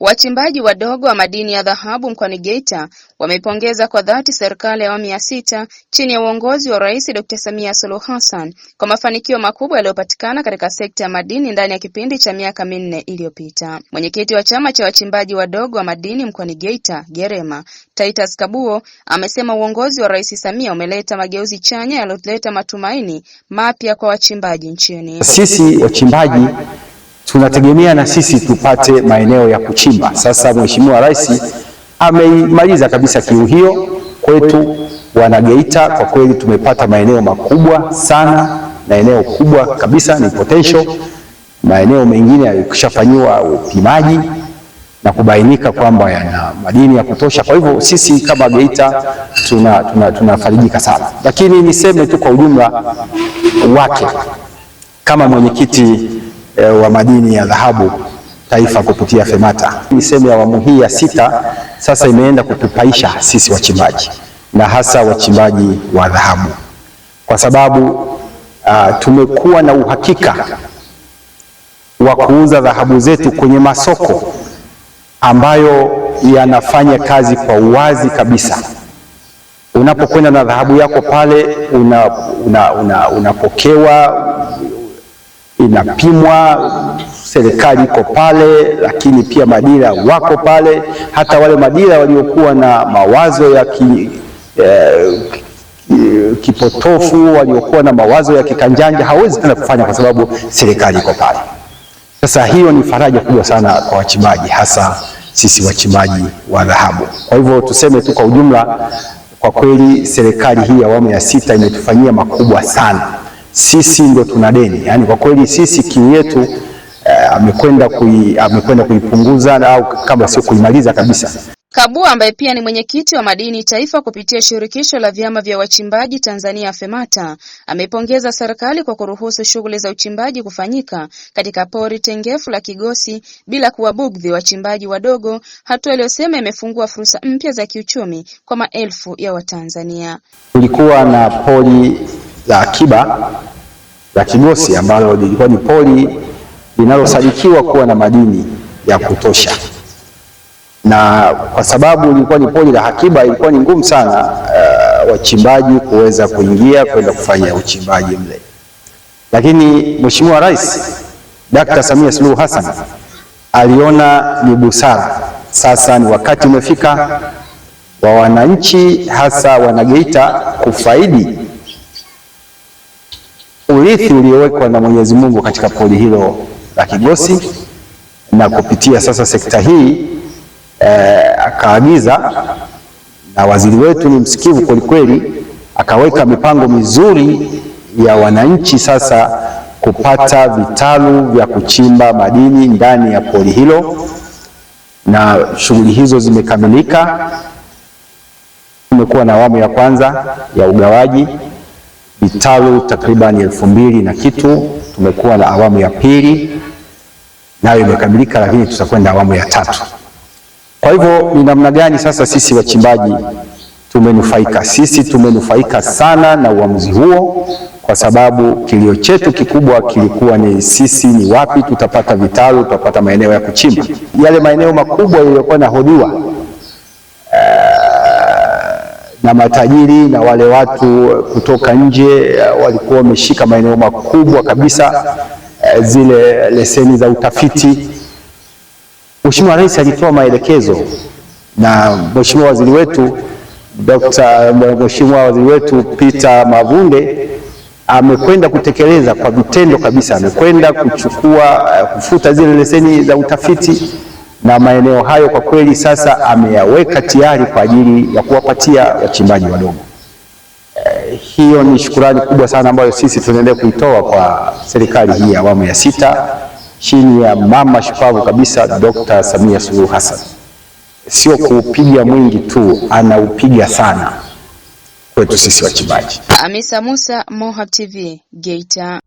Wachimbaji wadogo wa madini ya dhahabu mkoani Geita wameipongeza kwa dhati serikali ya awamu ya sita chini ya uongozi wa Rais Dr. Samia Suluhu Hassan kwa mafanikio makubwa yaliyopatikana katika sekta ya madini ndani ya kipindi cha miaka minne iliyopita. Mwenyekiti wa chama cha wachimbaji wadogo wa madini mkoani Geita Gerema, Titus Kabuo amesema uongozi wa Rais Samia umeleta mageuzi chanya yaliyoleta matumaini mapya kwa wachimbaji nchini. Sisi wachimbaji tunategemea na sisi tupate maeneo ya kuchimba. Sasa Mheshimiwa Rais ameimaliza kabisa kiu hiyo kwetu Wanageita. Kwa kweli tumepata maeneo makubwa sana na eneo kubwa kabisa, ni potential. Maeneo mengine yalikwishafanyiwa upimaji na kubainika kwamba yana madini ya kutosha. Kwa hivyo sisi kama Geita tunafarijika tuna, tuna sana, lakini niseme tu kwa ujumla wake kama mwenyekiti e, wa madini ya dhahabu taifa kupitia FEMATA. Ni sehemu ya awamu hii ya sita, sasa imeenda kutupaisha sisi wachimbaji na hasa wachimbaji wa dhahabu, kwa sababu uh, tumekuwa na uhakika wa kuuza dhahabu zetu kwenye masoko ambayo yanafanya kazi kwa uwazi kabisa. Unapokwenda na dhahabu yako pale una, una, una, unapokewa inapimwa, serikali iko pale, lakini pia madira wako pale. Hata wale madira waliokuwa na mawazo ya ki, eh, kipotofu waliokuwa na mawazo ya kikanjanja hawezi tena kufanya kwa sababu serikali iko pale. Sasa hiyo ni faraja kubwa sana kwa wachimbaji, hasa sisi wachimbaji wa dhahabu. Kwa hivyo tuseme tu kwa ujumla, kwa kweli serikali hii awamu ya sita imetufanyia makubwa sana sisi ndio tuna deni. Yani kwa kweli sisi kiu yetu eh, amekwenda kui, amekwenda kuipunguza au kama sio kuimaliza kabisa. Kabua ambaye pia ni mwenyekiti wa madini taifa kupitia shirikisho la vyama vya wachimbaji Tanzania FEMATA ameipongeza serikali kwa kuruhusu shughuli za uchimbaji kufanyika katika pori tengefu la Kigosi bila kuwabugdhi wachimbaji wadogo, hatua iliyosema imefungua fursa mpya za kiuchumi kwa maelfu ya Watanzania. Kulikuwa na pori la akiba la Kigosi ambalo lilikuwa ni poli linalosadikiwa kuwa na madini ya kutosha, na kwa sababu lilikuwa ni poli la akiba, ilikuwa ni ngumu sana uh, wachimbaji kuweza kuingia kwenda kufanya uchimbaji mle, lakini Mheshimiwa Rais Dr. Samia Suluhu Hassan aliona ni busara, sasa ni wakati umefika wa wananchi hasa wanageita kufaidi urithi uliowekwa na Mwenyezi Mungu katika pori hilo la Kigosi, na kupitia sasa sekta hii e, akaagiza na waziri wetu ni msikivu kwelikweli, akaweka mipango mizuri ya wananchi sasa kupata vitalu vya kuchimba madini ndani ya pori hilo, na shughuli hizo zimekamilika. Tumekuwa na awamu ya kwanza ya ugawaji vitalu takriban elfu mbili na kitu. Tumekuwa na awamu ya pili nayo imekamilika, lakini tutakwenda awamu ya tatu. Kwa hivyo ni namna gani sasa sisi wachimbaji tumenufaika? Sisi tumenufaika sana na uamuzi huo, kwa sababu kilio chetu kikubwa kilikuwa ni sisi ni wapi tutapata vitalu, tutapata maeneo ya kuchimba. Yale maeneo makubwa yaliyokuwa na na matajiri na wale watu kutoka nje eh, walikuwa wameshika maeneo makubwa kabisa, eh, zile leseni za utafiti. Mheshimiwa Rais alitoa maelekezo na Mheshimiwa Waziri wetu Dr. Mheshimiwa Waziri wetu Peter Mavunde amekwenda kutekeleza kwa vitendo kabisa, amekwenda kuchukua eh, kufuta zile leseni za utafiti na maeneo hayo kwa kweli sasa ameyaweka tayari kwa ajili ya kuwapatia wachimbaji wadogo. Eh, hiyo ni shukurani kubwa sana ambayo sisi tunaendelea kuitoa kwa serikali hii ya awamu ya sita chini ya mama shupavu kabisa Dr. Samia Suluhu Hassan. Sio kuupiga mwingi tu, anaupiga sana kwetu sisi wachimbaji. Hamisa Musa, Moha TV, Geita.